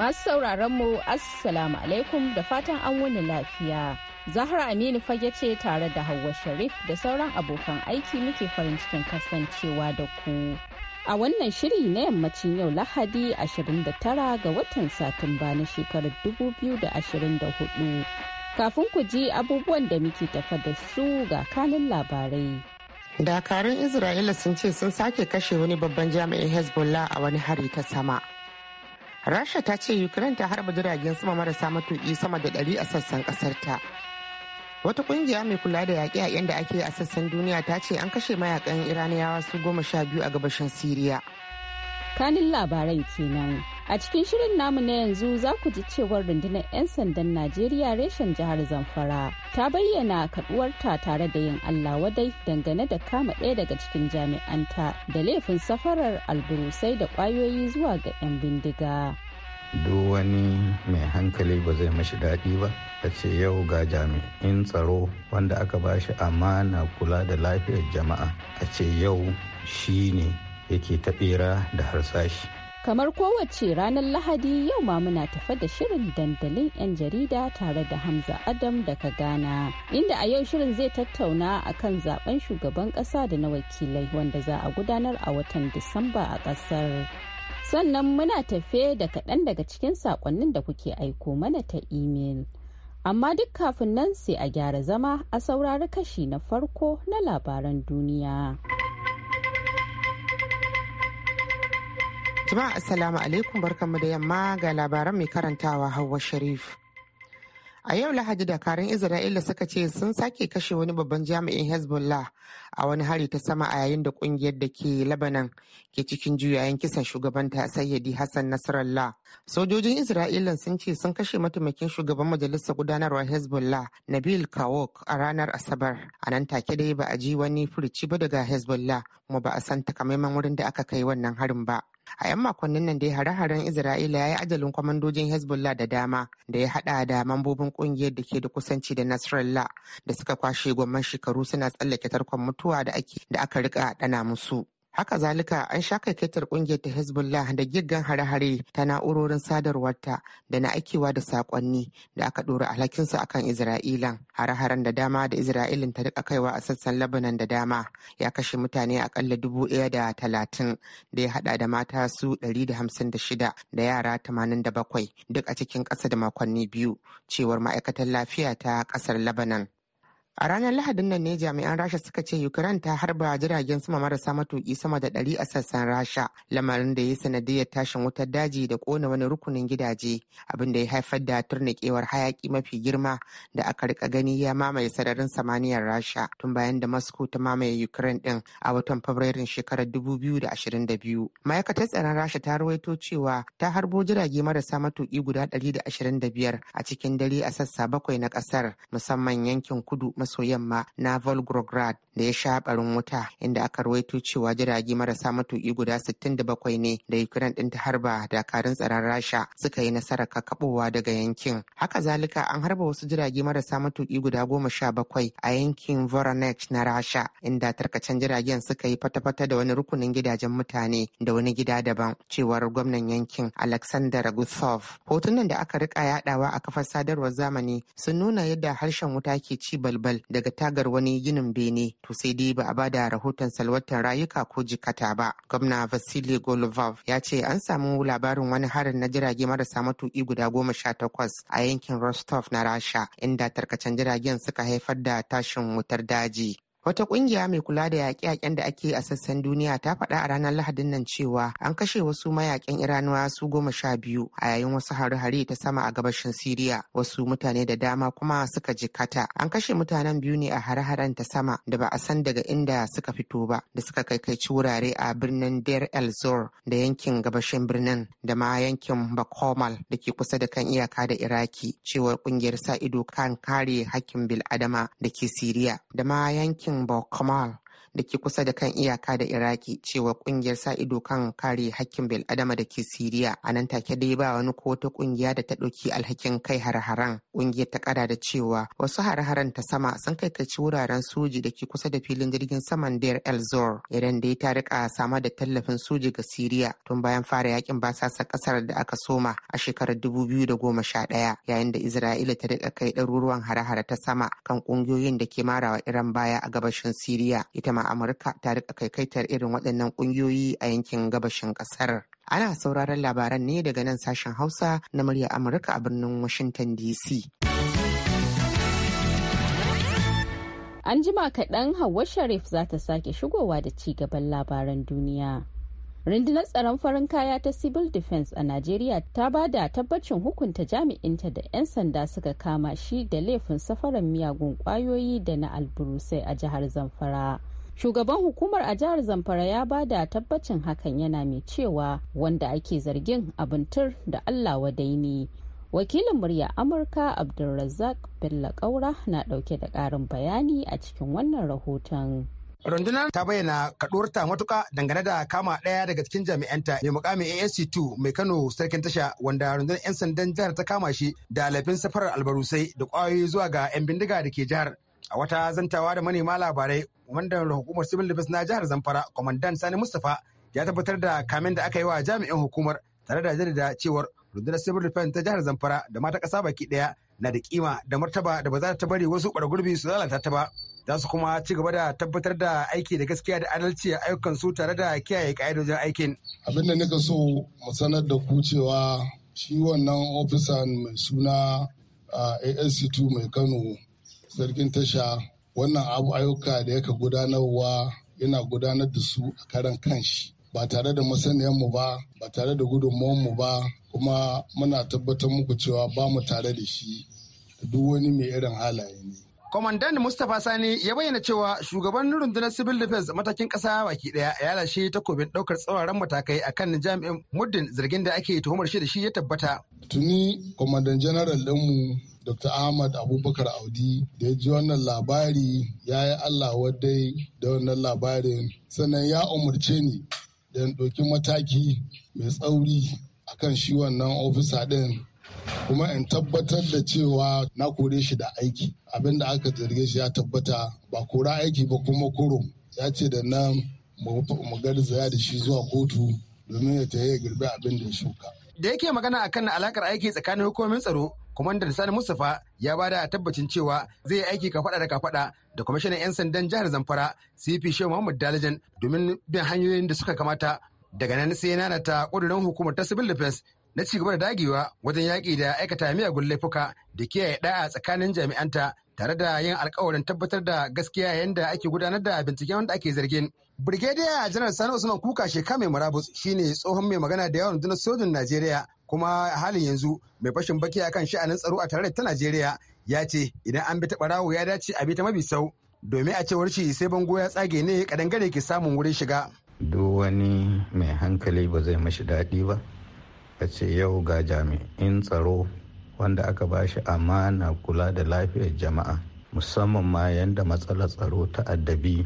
Masu sauraron mu Assalamu alaikum da fatan an wani lafiya. Zahra Aminu fage ce tare da Hauwa Sharif da sauran abokan aiki muke farin cikin kasancewa da ku. A wannan shiri na yammacin yau Lahadi 29 ga watan Satumba na shekarar 2024. Kafin ku ji abubuwan da muke tafa da su ga kanin labarai. Dakarun Isra'ila sun ce sun sake kashe wani babban jami'in Hezbollah a wani hari ta sama. rasha ta ce ukraine ta harba jiragen sama marasa matuki sama da ɗari a sassan ƙasarta. wata ƙungiya mai kula da yaƙe-yaƙen da ake a sassan duniya ta ce an kashe mayakan iraniyawa su goma sha biyu a gabashin siriya kanin labarai kenan A cikin shirin namu na yanzu za ku ji cewar rundunar 'yan sandan Najeriya reshen jihar Zamfara ta bayyana kaduwarta tare da yin Allah wadai dangane da kama ɗaya daga cikin jami'anta da laifin safarar alburusai da kwayoyi zuwa ga 'yan bindiga. Duk wani mai hankali ba zai mashi daɗi ba, a ce yau ga jami'in tsaro wanda aka ba shi amana kula da lafiyar jama'a, a ce yau shi ne yake taɓera da harsashi. Kamar kowace ranar Lahadi yau ma muna tafe da shirin dandalin 'yan jarida tare da Hamza Adam daga Ghana. Inda a yau shirin zai tattauna a kan zaben shugaban ƙasa da na wakilai wanda za a gudanar a watan Disamba a ƙasar. Sannan muna tafe da kaɗan daga cikin saƙonnin da kuke aiko mana ta imel. Amma duk kafin nan sai a gyara zama a saurari kashi na farko na labaran duniya. Jama'a Assalamu alaikum barkanmu da yamma ga labaran mai karantawa Hauwa Sharif. A yau Lahadi dakarun Isra'ila suka ce sun sake kashe wani babban jami'in Hezbollah a wani hari ta sama a yayin da kungiyar da ke Labanan ke cikin juyayen kisan shugabanta Sayyidi Hassan Nasrallah. Sojojin Isra'ila sun ce sun kashe mataimakin shugaban majalisar gudanarwa Hezbollah Nabil Kawok a ranar Asabar. A nan take dai ba a ji wani furuci ba daga Hezbollah kuma ba a san takamaiman wurin da aka kai wannan harin ba. a 'yan makonnin nan dai hare-haren isra'ila ya yi ajalin kwamandojin hezbollah da dama da ya hada da mambobin kungiyar da ke da kusanci da nasrallah da suka kwashe gwamman shekaru suna tsallake tarkon mutuwa da aka rika dana musu Haka zalika an sha kaikaitar kungiyar ta Hezbollah da giggan hare ta na'urorin sadarwarta da na aikewa da sakonni da aka ɗora alhakinsu akan israila Hare-haren da dama da Isra'ilin ta rika kaiwa a sassan Lebanon da dama ya kashe mutane akalla dubu ɗaya da talatin da ya haɗa da mata su ɗari da hamsin da shida da yara tamanin da bakwai duk a cikin ƙasa da makonni biyu cewar ma'aikatan lafiya ta ƙasar Lebanon. A ranar Lahadin nan ne jami'an Rasha suka ce Ukraine ta harba jiragen sama marasa matuki sama da ɗari a sassan Rasha, lamarin da ya sanadiyar tashin wutar daji da kona wani rukunin gidaje, abin da ya haifar da turnakewar hayaki mafi girma da aka rika gani ya mamaye sararin samaniyar Rasha tun bayan da Moscow ta mamaye Ukraine ɗin a watan Fabrairun shekarar 2022. Ma'aikatar tsaron Rasha ta rawaito cewa ta harbo jirage marasa matuki guda 125 a cikin dare a sassa bakwai na ƙasar, musamman yankin kudu maso yamma na Volgograd da ya sha barin wuta inda aka rawaito cewa jirage marasa matuƙi guda 67 ne da Ukraine ɗin ta harba dakarun tsaron Rasha suka yi nasarar kakabowa daga yankin. Haka zalika an harba wasu jirage marasa matuki guda goma sha bakwai a yankin Voronezh na Rasha inda tarkacen jiragen suka yi fata-fata da wani rukunin gidajen mutane da wani gida daban cewar gwamnan yankin Alexander gusov Hotunan da aka rika yadawa a kafar sadarwar zamani sun nuna yadda harshen wuta ke ci balbal daga tagar wani ginin bene to sai dai ba a ba da rahoton salwatar rayuka ko jikata ba gwamna vasily golovov ya ce an samu labarin wani harin na jirage marasa matuƙi guda goma sha takwas a yankin rostov na rasha inda tarkacen jiragen suka haifar da tashin wutar daji Wata ƙungiya mai kula da yaƙe-yaƙen da ake a sassan duniya ta faɗa a ranar Lahadin nan cewa an kashe wasu mayaƙen iranuwa su goma sha biyu a yayin wasu hare-hare ta sama a gabashin Siriya. Wasu mutane da dama kuma suka jikata. An kashe mutanen biyu ne a hare-haren ta sama da ba a san daga inda suka fito ba da suka kai kaici wurare a birnin Dar El Zor da yankin gabashin birnin da ma yankin Bakomal da ke kusa da kan iyaka da Iraki cewar kungiyar sa ido kan kare hakkin bil'adama da ke Siriya da ma yankin Luxembourg Kamal da ke kusa da kan iyaka da iraki cewa kungiyar sa ido kan kare hakkin bil'adama da ke siriya a nan take dai ba wani ko wata kungiya da ta ɗauki alhakin kai har-haren kungiyar ta kada da cewa wasu har-haren ta sama sun kai kaci wuraren soji da ke kusa da filin jirgin saman der El Zor idan dai ta rika sama da tallafin soji ga Siriya tun bayan fara yakin basasa kasar da aka soma a shekarar dubu biyu da goma sha 2011 yayin da Isra'ila ta rika kai ɗaruruwan har hare ta sama kan kungiyoyin da ke marawa Iran baya a gabashin Siriya ita ma Amurka ta rika kaikaitar irin waɗannan ƙungiyoyi a yankin gabashin ƙasar. Ana sauraron labaran ne daga nan sashen Hausa na murya Amurka a birnin Washington DC. An jima kaɗan Hauwa Sharif za ta sake shigowa da ci gaban labaran duniya. rundunar tsaron farin kaya ta civil defense a najeriya ta ba da tabbacin hukunta jami'inta da 'yan sanda suka kama shi da laifin safaran miyagun kwayoyi da na alburusai a jihar zamfara shugaban hukumar a jihar zamfara ya ba da tabbacin hakan yana mai cewa wanda ake zargin abintur da allah wadai ne wakilin murya amurka abdulrazak bello kaura na dauke da karin bayani a cikin wannan rahoton Rundunar ta bayyana kaɗuwarta matuka dangane da kama ɗaya daga cikin jami'anta mai mukamin ASC2 mai Kano sarkin tasha wanda rundunar 'yan sandan jihar ta kama shi da laifin safarar albarusai da kwayoyi zuwa ga 'yan bindiga da ke jihar. a wata zantawa da manema labarai wanda hukumar civil defense na jihar zamfara kwamandan sani mustapha ya tabbatar da kamen da aka yi wa jami'in hukumar tare da jaddada cewar rundunar civil defense ta jihar zamfara da mata kasa baki daya na da kima da martaba da ba za ta bari wasu ɓargurbi su lalata ta ba za su kuma ci gaba da tabbatar da aiki da gaskiya da adalci a ayyukan su tare da kiyaye ka'idojin aikin. abin da nika so mu sanar da ku cewa shi wannan ofisan mai suna asc2 ah, mai kano sarkin tasha wannan abu ayyuka da yaka gudanarwa yana gudanar da su a karan kanshi ba tare da mu ba ba tare da mu ba kuma muna tabbatar muku cewa ba mu tare da shi duk wani mai irin halaye ne Kwamandan Mustapha Sani ya bayyana cewa shugaban rundunar Civil Defense matakin ƙasa baki ɗaya ya lashe takobin ɗaukar tsauraran matakai a kan jami'in muddin zargin da ake tuhumar shi da shi ya tabbata. Tuni kwamandan General ɗinmu Dr. Ahmad Abubakar Audi da ya ji wannan labari ya yi Allah wadai da wannan labarin sannan ya umarce ni da ɗauki mataki mai tsauri akan shi wannan ofisa ɗin kuma in tabbatar da cewa na kore shi da aiki abinda aka zarge shi ya tabbata ba kora aiki ba kuma kurum ya ce da nan mu ya da shi zuwa kotu domin ya ta yi girbi abin da ya shuka da yake magana akan alakar aiki tsakanin hukumomin tsaro Kwamandan Sani Mustapha ya bada tabbacin cewa zai yi aiki kafaɗa da kafaɗa da kwamishinan 'yan sandan jihar Zamfara CP Shehu Muhammad Dalajan domin bin hanyoyin da suka kamata daga nan sai nana ta ƙudurin hukumar ta civil defense na ci gaba da dagewa wajen yaƙi da aikata miyagun laifuka da kiyaye ɗaya tsakanin jami'anta tare da yin alkawarin tabbatar da gaskiya yadda ake gudanar da binciken wanda ake zargin. Brigadier General Sani Usman Kuka Sheka mai murabus shine tsohon mai magana da yawan dunar sojin Najeriya kuma halin yanzu mai fashin baki akan sha'anin tsaro a tarayyar ta Najeriya ya ce idan an bi ta barawo ya dace a bi ta mabi sau domin a cewar shi sai bango ya tsage ne kadangare ke samun wurin shiga. Duk wani mai hankali ba zai mashi daɗi ba. A ce yau ga jami'in tsaro wanda aka ba shi amana kula da lafiyar jama'a musamman ma yanda matsalar tsaro ta addabi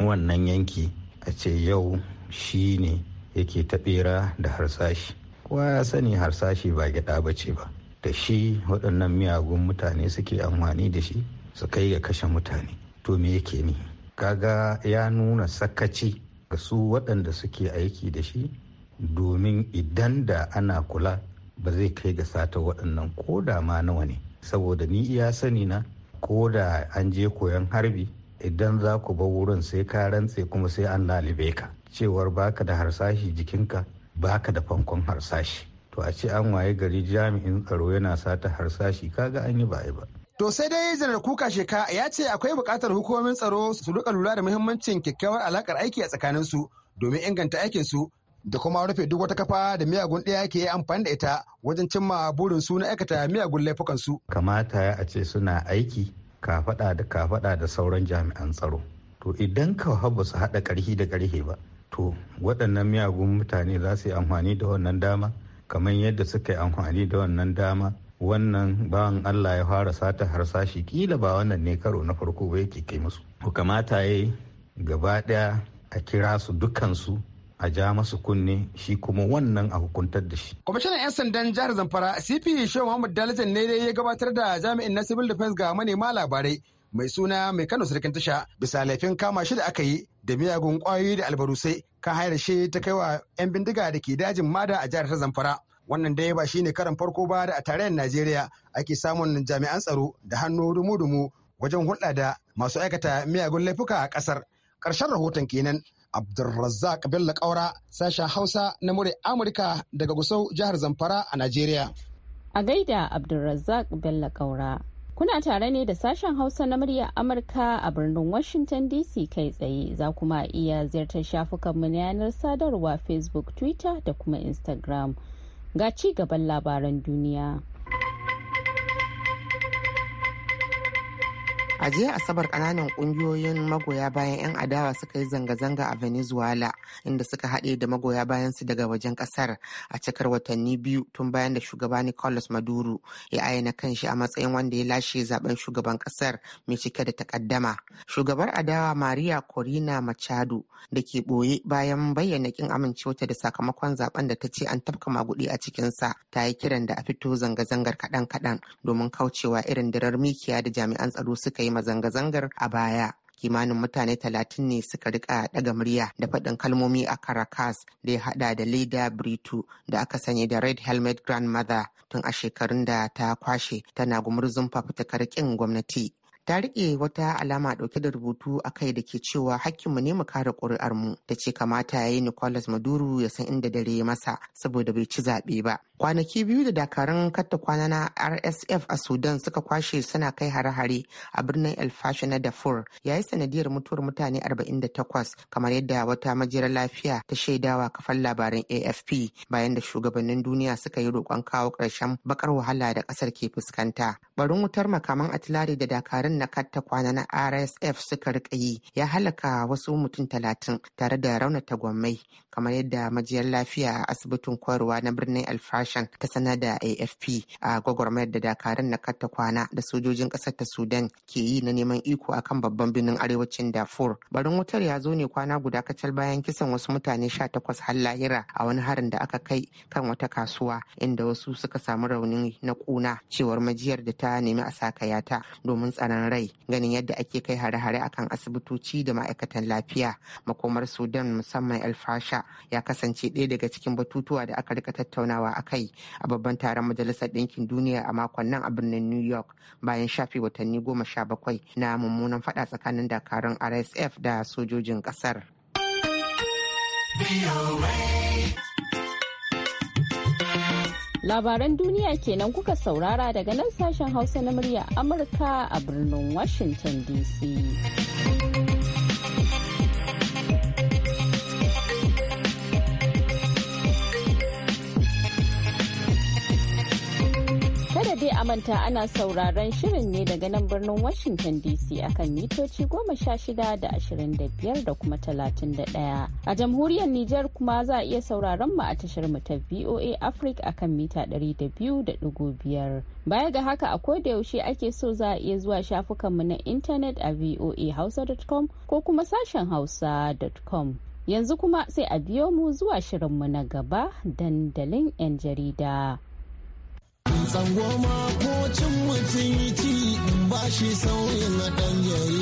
wannan yanki a ce yau shi ne yake taɓera da harsashi kowa ya sani harsashi ba gyaɗa ba ce ba da shi waɗannan miyagun mutane suke amfani da shi su kai ga kashe mutane to me yake ni kaga ya nuna sakaci ga su waɗanda suke aiki da shi domin idan da ana kula ba zai kai ga sata waɗannan ko da ma nawa ne saboda ni iya sani na ko da an je koyon harbi idan za ku bar wurin sai ka rantse kuma sai an lalibe ka cewar baka da harsashi jikinka Baka da fankon harsashi to a ce an waye gari jami'in tsaro yana sata harsashi kaga an yi baye ba To sai dai janar kuka sheka ya ce akwai bukatar hukumomin tsaro su rika lura da muhimmancin kyakkyawar alakar aiki a su domin inganta aikin su da kuma rufe duk wata kafa da miyagun ɗaya ke amfani da ita wajen cimma burin su na aikata miyagun su Kamata ya a ce suna aiki kafaɗa da kafaɗa da sauran jami'an tsaro. To idan ka basu su haɗa ƙarfi da ƙarfe ba, to waɗannan miyagun mutane za su yi amfani da wannan dama kamar yadda suka yi amfani da wannan dama wannan bawan allah ya fara sata harsashi kila ba wannan ne karo na farko ba yake kai musu ku kamata ya gaba ɗaya a kira su dukansu a ja masu kunne shi kuma wannan a hukuntar da shi. Kwamishinan 'yan sandan jihar Zamfara CP Shehu Muhammad Dalajan ne ya gabatar da jami'in na Civil Defense ga manema labarai mai suna mai kano sarkin tasha bisa laifin kama shi da aka yi da miyagun kwayoyi da albarusai kan hayar shi ta kai wa 'yan bindiga da ke dajin mada a jihar ta zamfara wannan dai ba shi ne karan farko ba da a tarayyar najeriya ake samun jami'an tsaro da hannu dumu-dumu wajen hulɗa da masu aikata miyagun laifuka a ƙasar ƙarshen rahoton kenan Abdulrazak bello Kaura, sashen hausa na mure amurka daga gusau jihar zamfara a najeriya a gaida Abdulrazak bello Kaura. Kuna tare ne da sashen Hausa na muryar Amurka a birnin Washington DC kai tsaye za kuma iya ziyartar shafukanmu na yanar sadarwa Facebook, Twitter da kuma Instagram. Ga ci gaban labaran duniya. a jiya asabar kananan kungiyoyin magoya bayan 'yan adawa suka yi zanga-zanga a venezuela inda suka haɗe da magoya bayan su daga wajen ƙasar a cikar watanni biyu tun bayan da shugaba nicolas maduro ya ayyana kan shi a matsayin wanda ya lashe zaben shugaban ƙasar mai cike da takaddama shugabar adawa maria corina machado da ke ɓoye bayan bayyana kin amincewa da sakamakon zaben da ta ce an tafka maguɗi a cikinsa ta yi kiran da a fito zanga-zangar kaɗan-kaɗan domin kaucewa irin dirar mikiya da jami'an tsaro suka yi ma zanga-zangar a baya. kimanin mutane talatin ne suka rika daga murya da faɗin kalmomi a Caracas da ya haɗa da Leda Brito da aka sanya da Red Helmet Grandmother tun a shekarun da ta kwashe tana gumurzun fafutukar ƙin gwamnati. ta rike wata alama ɗauke da rubutu a kai da ke cewa hakkinmu ne mu kare ƙuri'armu ta ce kamata ya yi Nicolas Maduro ya san inda dare masa saboda bai ci zaɓe ba. Kwanaki biyu da dakarun katta kwana na RSF a Sudan suka kwashe suna kai hare-hare a birnin El Fasher na Darfur yayi yi sanadiyar mutuwar mutane 48 kamar yadda wata majiyar lafiya ta shaidawa kafan labaran AFP bayan da shugabannin duniya suka yi roƙon kawo ƙarshen bakar wahala da ƙasar ke fuskanta. Barin wutar makaman atilari da dakarun harin na katta kwana na rsf suka rika yi ya halaka wasu mutum talatin tare da raunata gwammai kamar yadda majiyar lafiya a asibitin koyarwa na birnin alfashan ta sanar da afp a gwagwarmayar da dakarun na katta kwana da sojojin ƙasar ta sudan ke yi na neman iko akan babban birnin arewacin darfur barin wutar ya zo ne kwana guda kacal bayan kisan wasu mutane sha takwas har lahira a wani harin da aka kai kan wata kasuwa inda wasu suka samu raunin na kuna cewar majiyar da ta nemi a sakayata domin tsaron rai ganin yadda ake kai hare-hare akan asibitoci da ma'aikatan lafiya makomar sudan musamman alfasha ya kasance ɗaya daga cikin batutuwa da aka rika tattaunawa a kai a babban taron majalisar ɗinkin duniya a makon nan a birnin new york bayan shafe watanni goma sha bakwai na mummunan faɗa tsakanin dakarun rsf da sojojin ƙasar. Labaran duniya kenan kuka saurara daga nan sashen Hausa na murya Amurka a birnin Washington DC. dai a manta ana sauraron shirin ne daga nan birnin Washington DC akan mitoci goma sha shida da ashirin da biyar da kuma talatin da ɗaya. A jamhuriyar Nijar kuma za a iya sauraron mu a tashar mu ta VOA Africa akan mita ɗari da biyu da ɗigo biyar. Baya ga haka a koda yaushe ake so za a iya zuwa shafukan mu na intanet a voahausa.com ko kuma sashen hausa.com. Yanzu kuma sai a biyo mu zuwa shirinmu na gaba dandalin 'yan jarida. Tsangwama ko cin mutum yi ci ba shi sauyin na ɗan yayi.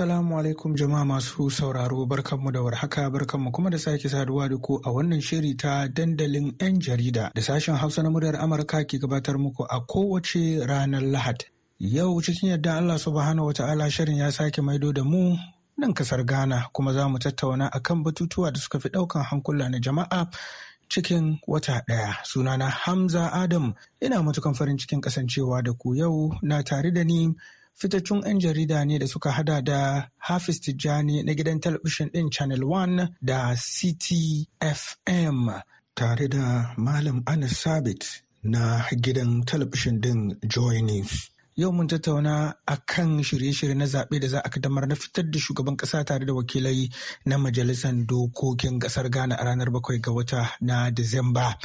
Assalamu alaikum jama'a masu sauraro barkanmu da warhaka barkanmu kuma da sake saduwa da ku a wannan shiri ta dandalin 'yan jarida da sashen Hausa na muryar Amurka ke gabatar muku a kowace ranar Lahad. Yau cikin yadda Allah subhanahu wa ta'ala shirin ya sake maido da mu nan kasar Ghana kuma za mu tattauna akan batutuwa da suka fi ɗaukan hankula na jama'a cikin wata ɗaya. Sunana Hamza Adam ina matukan farin cikin kasancewa da ku yau na tare da ni fitaccun 'yan jarida ne da suka hada da Hafiz Tijjani na gidan talabishin ɗin Channel One da CTFM tare da Malam Anas Sabit na gidan talabishin ɗin Joy News. Yau mun tattauna a kan shirye-shirye na zaɓe da za a kaddamar na fitar da shugaban ƙasa tare da wakilai na Majalisar Dokokin Ƙasar Ghana a ranar bakwai ga wata na Disamba.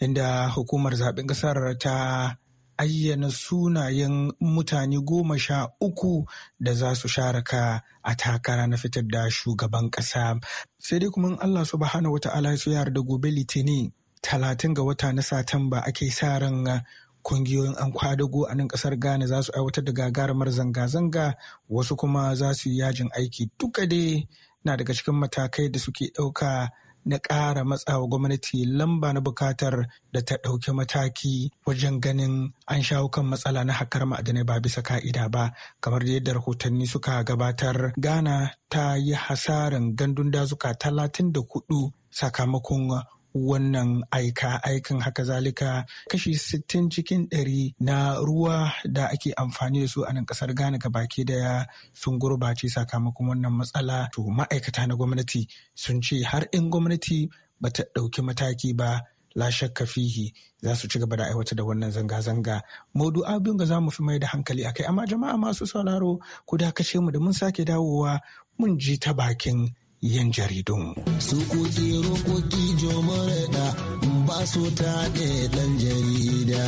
inda hukumar zaɓen ƙasar ta ayyana sunayen mutane goma sha uku da za su sharaka a takara na fitar da shugaban ƙasa. Sai dai kuma Allah subhanahu wa ta'ala su yar da gobe litinin talatin ga wata na Satamba ake sa ran uh, kungiyoyin an kwadago a nan kasar Ghana za su aiwatar da gagarumar zanga-zanga wasu kuma za su yi yajin aiki duka dai na daga cikin matakai da suke ɗauka na ƙara matsawa gwamnati lamba na bukatar da ta ɗauki mataki wajen ganin an shawo kan matsala na hakar ma'adanai ba bisa ka'ida ba kamar yadda rahotanni suka gabatar ghana ta yi hasarin gandun dazuka talatin da hudu sakamakon wannan aika aikin haka zalika kashi sittin cikin ɗari na ruwa da ake amfani da su a nan kasar Ghana baki daya sun gurbace sakamakon wannan matsala to ma'aikata na gwamnati sun ce har in gwamnati ba ta ɗauki mataki ba la shakka fihi za su ci gaba da aiwata da wannan zanga-zanga Maudu abin ga za mu fi mai da hankali a kai, amma jama'a masu sauraro ku da kashe mu da mun sake dawowa mun ji ta bakin 'yan jaridun. Su kuki rokoki da ba su ta ɗan jarida.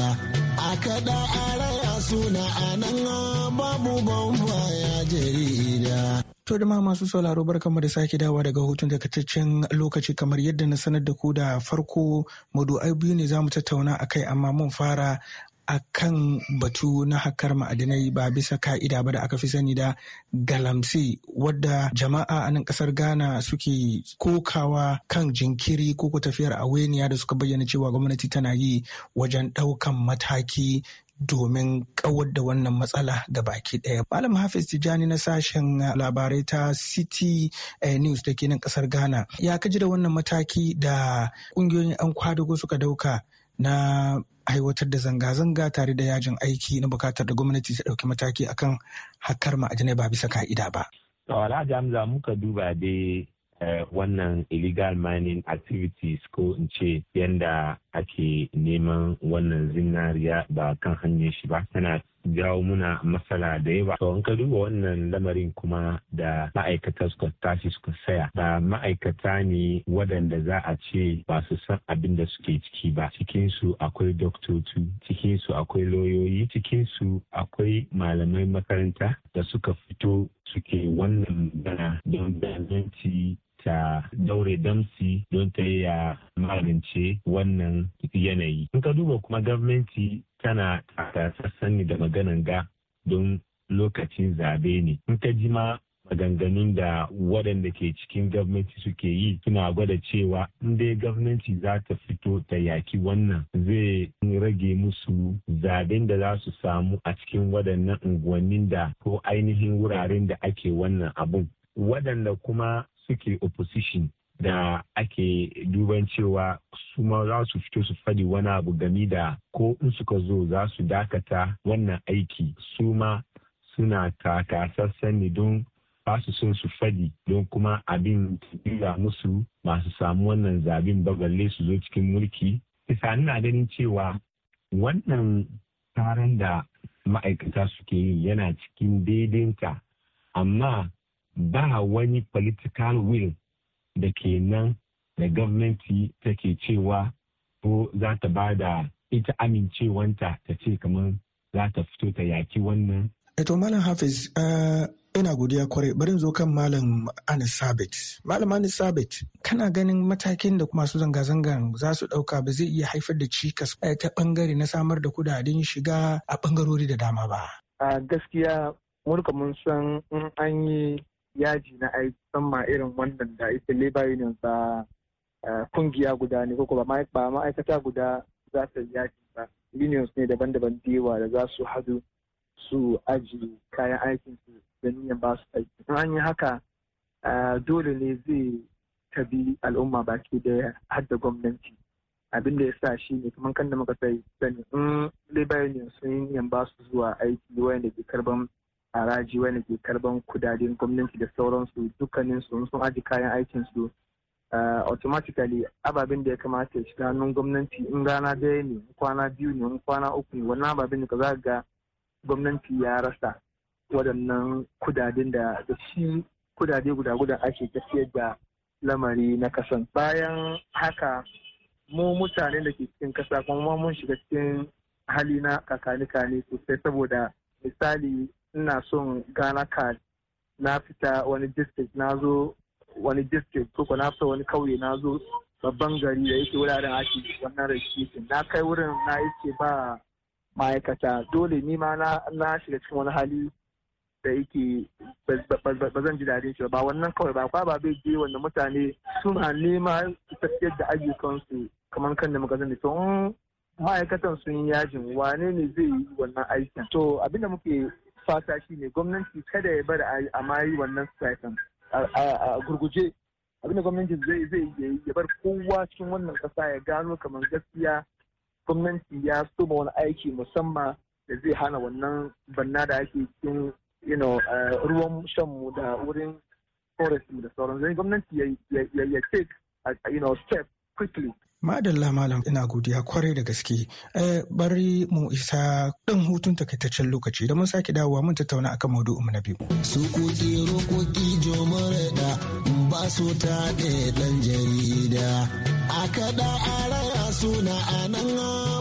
A kaɗa a raya suna a nan babu bambaya jarida. To da masu sauraro barkanmu da sake dawa daga hutun takaitaccen lokaci kamar yadda na sanar da ku da farko maudu'ai biyu ne za mu tattauna a kai amma mun fara a kan batu na hakar ma'adinai ba bisa ka'ida ba da aka fi sani da galamsi wadda jama'a a nan kasar ghana suke kokawa kan jinkiri ko ku tafiyar aweniya da suka bayyana cewa gwamnati tana yi wajen ɗaukan mataki domin kawar da wannan matsala ga baki ɗaya. Malam Hafiz Tijani na sashen labarai ta City eh, News da ke nan ƙasar Ghana ya kaji da wannan mataki da ƙungiyoyin 'yan kwadago suka ɗauka? na aiwatar da zanga-zanga tare da yajin aiki na bukatar da gwamnati ta ɗauki mataki akan hakar ma'adinai ba bisa ka'ida ba. To Alhaji muka duba dai eh, wannan illegal mining activities ko in ce yadda. ake neman wannan zinariya ba kan hanyar shi ba tana jawo muna matsala da yawa to ka duba wannan lamarin kuma da ma'aikata suka tashi suka saya ba ma'aikata ne waɗanda za a ce ba su san abin da suke ciki ba Cikinsu akwai doktoci cikin akwai lauyoyi Cikinsu akwai malamai makaranta da suka fito suke wannan magana don gwamnati ta daure damsi don ta yi iya magance wannan yanayi in ka duba kuma gwamnati tana tasassan ne da maganan ga don lokacin zabe ne in ka ji ma maganganun da waɗanda ke cikin gwamnati suke yi suna gwada cewa in dai gwamnati za ta fito ta yaki wannan zai rage musu zaben da za su samu a cikin waɗannan unguwannin da ko ainihin wuraren da ake wannan abun waɗanda kuma suke opposition da ake duban cewa su ma za su fito su fadi wani abu game da ko in suka zo za su dakata wannan aiki su ma suna takasassan ne don ba su son su fadi don kuma abin tura musu masu samu wannan zabin baballe su zo cikin mulki. Isa na ganin cewa wannan taron da ma'aikata suke yi yana cikin daidaita amma ba wani political will da ke nan da gwamnati take cewa ko za ta ba da ita amincewanta ta ce kamar za ta fito ta yaki wannan. Eto eh, Malam Hafiz, eh, ina godiya kwarai bari zo kan Malam Anis Sabit. Malam Anis Sabit, kana ganin matakin da masu zanga-zangar za su ɗauka ba zai iya haifar da cikas eh, ta ɓangare na samar da kudaden shiga a ɓangarori da dama ba. A gaskiya mun san in an yi yaji na aiki musamman irin wannan da ita labor union ba kungiya guda ne ko ba ma'aikata guda za ta yaji ba unions ne daban-daban da da za su hadu su aji kayan aikin su da niyan ba su aiki in an yi haka dole ne zai tabi al'umma baki da hadda gwamnati abin da ya sa shi ne kamar kan da muka sani in labor union sun yi ba su zuwa aiki wayanda ke karban haraji wani ke karban kudaden gwamnati da sauransu dukkanin su sun aji kayan aikin su eh, automatically ababen da ya kamata ya shiga hannun gwamnati in rana daya ne kwana biyu ne kwana uku ne wannan ababen da za ga gwamnati ya rasa waɗannan kudaden da da shi kudade guda guda ake tafiyar da lamari na kasan bayan haka mu mutane da ke cikin kasa kuma mun shiga cikin hali na kakanika ne sosai saboda misali ina son Ghana card na fita wani district na zo wani district ko na fita wani kauye na zo babban gari da yake wuraren ake wannan rikicin na kai wurin na yake ba ma'aikata dole ni ma na shiga cikin wani hali da yake ba zan ji daɗin shi ba wannan kawai ba kwa ba bai je wanda mutane suna nema tafiyar da ayyukansu kamar kan da magazin da to ma'aikatan sun yajin wane ne zai yi wannan aikin to abinda muke fata ne gwamnati kada ya bar a mayi wannan stipend a gurguje abinda gwamnati zai zai ya bar kowa cikin wannan kasa ya gano kamar gaskiya gwamnati ya soma wani aiki musamman da zai hana wannan banna da ake cikin ruwan shan mu da wurin forest da sauran zai gwamnati ya take you know step quickly Madalla malam ina godiya kwarai da gaske. Eh, bari mu isa ɗan hutun takaitaccen lokaci da mun sake dawowa mun tattauna akan maudu'in na biyu. Su kuki rokoki jomaraɗa ba su ta ɗan jarida. A kaɗa a raya suna a nan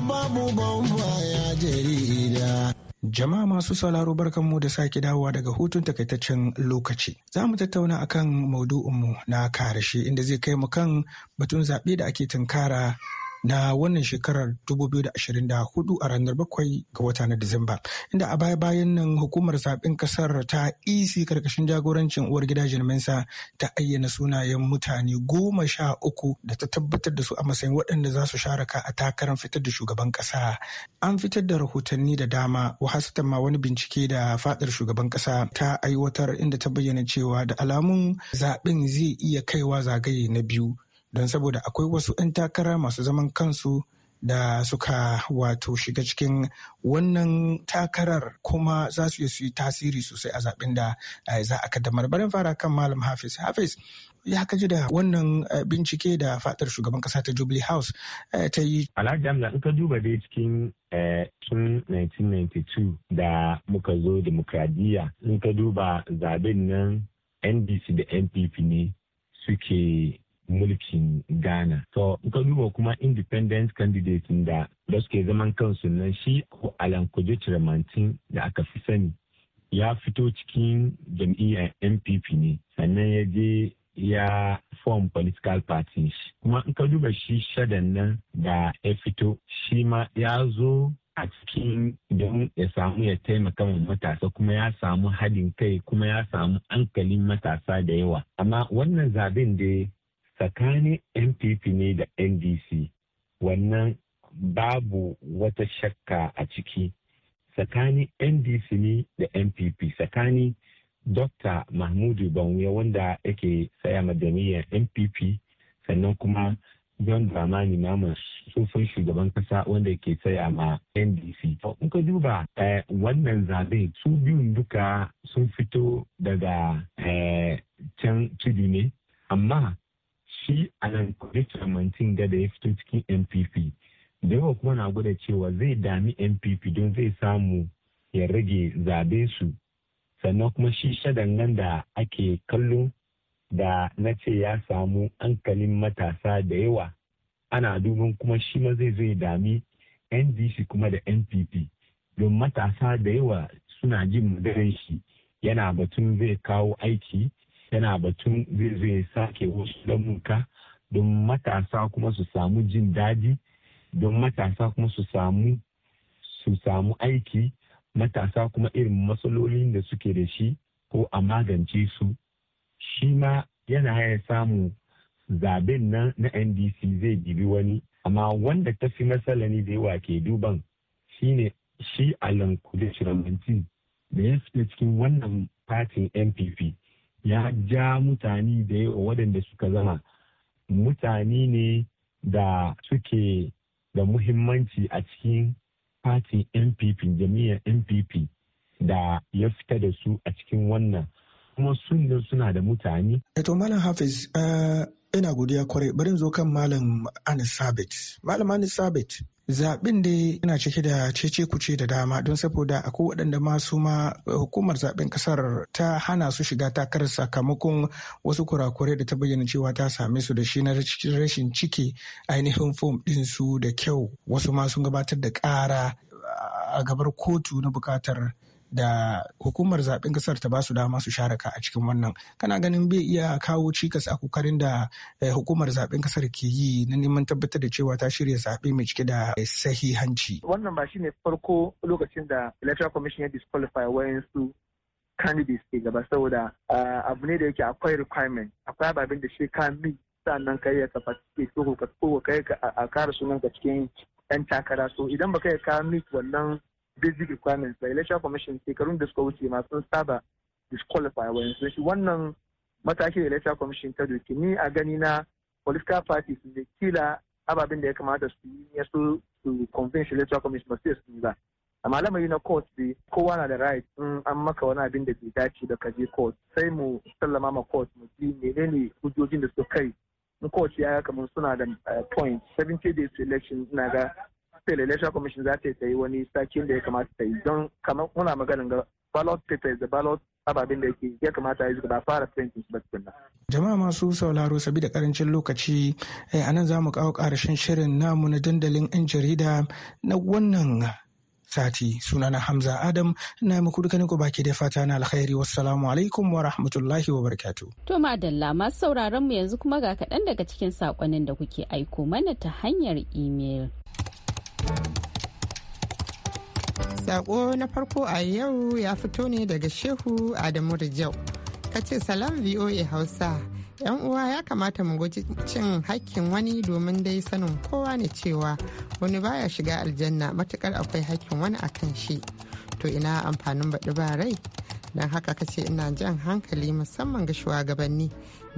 babu bamba ya jarida. Jama'a masu sauraro barkanmu da sake dawowa daga hutun takaitaccen lokaci. Za mu tattauna akan maudu'inmu na karashe inda zai kai mu kan batun zaɓe da ake tunkara na wannan shekarar 2024 a ranar 7 ga wata na Disamba. Inda a baya-bayan nan hukumar zaben ƙasar ta EC karkashin jagorancin uwar gida Mensa ta ayyana sunayen mutane goma sha uku da ta tabbatar da su a matsayin waɗanda za su sharaka a takarar fitar da shugaban ƙasa. An fitar da rahotanni da dama wahasatan ma wani bincike da fadar shugaban ƙasa ta aiwatar inda ta bayyana cewa da alamun zaben zai iya kaiwa zagaye na biyu don saboda akwai wasu 'yan takara masu zaman kansu da suka wato shiga cikin wannan takarar kuma za su yi tasiri sosai a zaben da eh, za a kaddamar barin fara kan malam hafiz hafiz ya kaji da wannan eh, bincike da fatar shugaban kasa ta jubilee house eh, ta yi alhaji amna in ka duba dai cikin 1992 da muka zo demokradiyya in ka duba zaben nan ndc da npp ne suke mulkin Ghana. So, ka duba kuma independent candidate da da suke zaman kansu nan shi ko Alan Kojo da aka fi sani ya fito cikin jam'iyyar NPP ne sannan ya je ya form political party shi. kuma in ka duba shi shadan nan da ya fito shi ma ya zo a cikin don ya samu ya taimaka wa matasa kuma ya samu haɗin kai kuma ya samu ankalin matasa da yawa amma wannan zaben da tsakanin npp ne da ndc wannan babu wata shakka a ciki tsakanin ndc ne da npp tsakanin dr mahmudu banwuya wanda yake tsaya madaniyar npp sannan kuma john dramani naman tsofin shugaban kasa wanda yake tsaya ma ndc in ka duba eh, wannan zabe su biyun duka sun fito daga eh, can tudu ne amma shi a kwanciyar ga da ya fito cikin npp da yawa kuma na gwada cewa zai dami npp don zai samu ya rage zabe su sannan kuma shi shadangan da ake kallo da na ce ya samu hankalin matasa da yawa ana duban kuma shi ma zai zai dami ndc kuma da npp don matasa da yawa suna jin shi yana batun zai kawo aiki yana batun zai zo ya sake wasu lamuka don matasa kuma su samu jin daɗi don matasa kuma su samu su samu aiki matasa kuma irin matsalolin da suke da shi ko a magance su shi ma yana ya samu zaben nan na ndc zai gibi wani amma wanda ta fi matsala ne da yawa ke duban shine shi alan kudu shiramanti da ya cikin wannan fatin npp ya ja mutane da yawa waɗanda suka zama mutane ne da suke da muhimmanci a cikin fatin npp jami'ar npp da ya fita da su a cikin wannan kuma da suna da mutane. Eto eh, Malam Hafiz eh, ina godiya kwarai bari zo kan Malam Anis Malam Anis zaɓen da yana cike da cece kuce da dama don saboda akwai waɗanda masu ma eh, hukumar zaɓen ƙasar ta hana su shiga takarar sakamakon wasu kurakurai da ta bayyana cewa ta same su da shi na rashin ciki ainihin fom ɗinsu da kyau wasu ma sun gabatar da ƙara a gabar kotu na bukatar da hukumar zaben kasar ta basu dama su sharaka a cikin wannan kana ganin bai iya kawo cikas a kokarin da eh, hukumar zaben kasar ke yi na neman tabbatar da cewa ta shirya zaɓe mai cike da eh, sahihanci wannan ba ne farko lokacin da electoral commission ya disqualify su candidates ke gaba saboda eh, abu ne da yake akwai requirement akwai ababen da shi ka mi sannan kai ya kafa ko ka kai a kara sunan ka cikin yan takara so idan baka kai ka mi wannan basic requirements ba election commission shekarun da suka wuce ma sun saba disqualify wayan sun shi wannan matakin da election commission ta doki ni a gani na political parties da kila ababen da ya kamata su yi ya su su convince electoral commission ba su yi ba amma lamari na court dai kowa na da right in an maka wani abin da bai dace da kaje court sai mu sallama ma court mu ji menene hujjojin da suka kai in court ya kamar suna da eh, point 70 days to election ina ga still election commission za ta yi wani sakin da ya kamata ta yi don kamar kuna maganin ga ballot papers da ballot ababen da yake ya kamata yi ba fara printing su ba tukunna. Jama'a masu sauraro sabi da karancin lokaci eh, a nan za mu kawo karshen shirin namu na dandalin 'yan jarida na wannan sati sunana Hamza Adam na muku dukkanin ku baki da fata na alkhairi wassalamu alaikum wa rahmatullahi wa barakatuh. To madalla masu sauraron mu yanzu kuma ga kaɗan daga cikin sakonnin da kuke aiko mana ta hanyar email. Sako na farko a yau ya fito ne daga Shehu Adamu Rijau. Ka ce salam VOA Hausa. yan uwa ya kamata mu guji cin hakkin wani domin dai sanin kowa ne cewa wani baya shiga aljanna matukar akwai hakkin wani akan shi to ina amfanin baɗi ba rai don haka kace ina jan hankali musamman ga shugabanni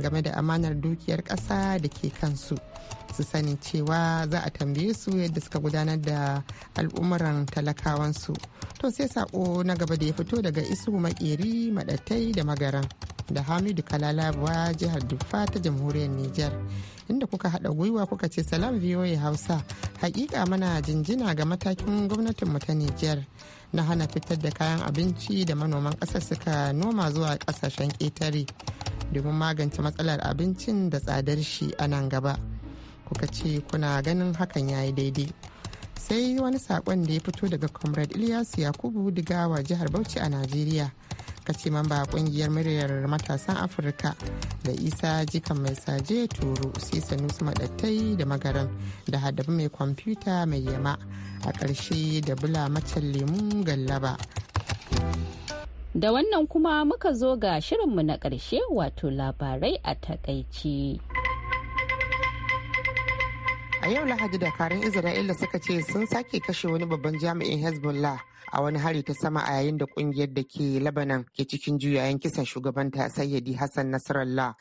game da amanar dukiyar kasa da ke kansu su sani cewa za a tambaye su yadda suka gudanar da al'umuran talakawansu to sai sako na gaba da ya fito daga isu makeri maɗatai da magaran da hamidu kalalabuwa jihar duffa ta jamhuriyar niger inda kuka haɗa gwiwa kuka ce salam voa hausa hakika mana jinjina ga matakin gwamnatinmu ta niger na hana fitar da kayan abinci da manoman ƙasar suka noma zuwa ƙasashen ketare domin magance matsalar abincin da tsadar shi a nan gaba kuka ce kuna ganin hakan ya yi daidai sai wani saƙon da ya fito daga comrade ilyas yakubu digawa jihar bauchi a najeriya ce mamba kungiyar muryar matasan afirka da isa jikan mai saje turu sai su madattai da magaran da hadabi mai kwamfuta mai yama a ƙarshe da bula macen lemu gallaba da wannan kuma muka zo ga shirinmu na ƙarshe wato labarai a takaici. a yau lahadi dakarun isra'ila suka ce sun sake kashe wani babban jami'in hezbollah a wani hari ta sama a yayin da kungiyar da ke labanan ke cikin juyayen kisan shugabanta sayyadi hassan nasrallah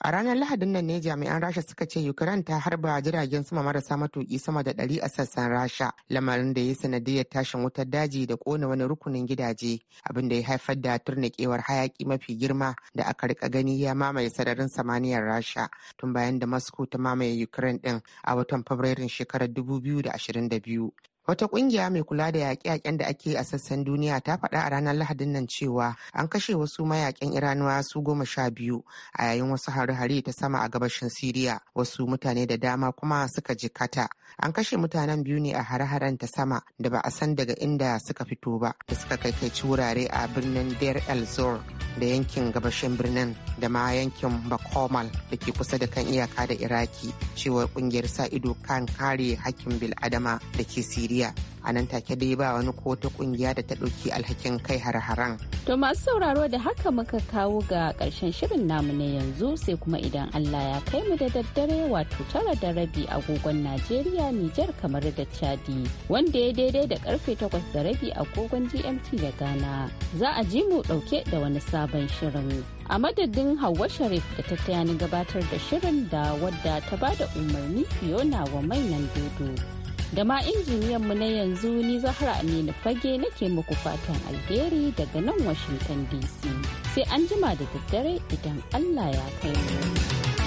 A ranar Lahadin nan ne jami'an Rasha suka ce Ukraine ta harba jiragen sama marasa matuki sama da ɗari a sassan Rasha, lamarin da ya sanadiyar tashin wutar daji da kona wani rukunin gidaje, abin da ya haifar da turnikewar hayaki mafi girma da aka rika gani ya mamaye sararin samaniyar Rasha tun bayan da Moscow ta mamaye Ukraine ɗin a watan Fabrairun shekarar 2022. Wata kungiya mai kula da yaƙe-yaƙen da ake a sassan duniya ta faɗa a ranar Lahadin nan cewa an kashe wasu mayaƙen Iranuwa su goma sha biyu a yayin wasu hare-hare ta sama a gabashin Siriya. Wasu mutane da dama kuma suka jikata. An kashe mutanen biyu ne a hare-haren ta sama da ba a san daga inda suka fito ba da suka kai wurare a birnin Deir el Zor da yankin gabashin birnin da ma yankin Bakomal da ke kusa da kan iyaka da Iraki cewa kungiyar sa ido kan kare hakkin bil'adama da ke Siriya. Najeriya. A nan take dai ba wani ko ta kungiya da ta ɗauki alhakin kai har-haren. To masu sauraro da haka muka kawo ga ƙarshen shirin namu ne yanzu sai kuma idan Allah ya kai mu da daddare wato tara da rabi agogon Najeriya Nijar kamar da Chadi wanda ya daidai da karfe takwas da rabi agogon GMT da Ghana. Za a ji mu ɗauke da wani sabon shirin. a madadin Hauwa Sharif da ta tayani gabatar da shirin da wadda ta ba da umarni Fiona wa mainan dodo da ma injiniyan mu na yanzu ni zahra aminu fage nake muku fatan alheri daga nan washington dc sai an jima da daddare idan allah ya kai mu.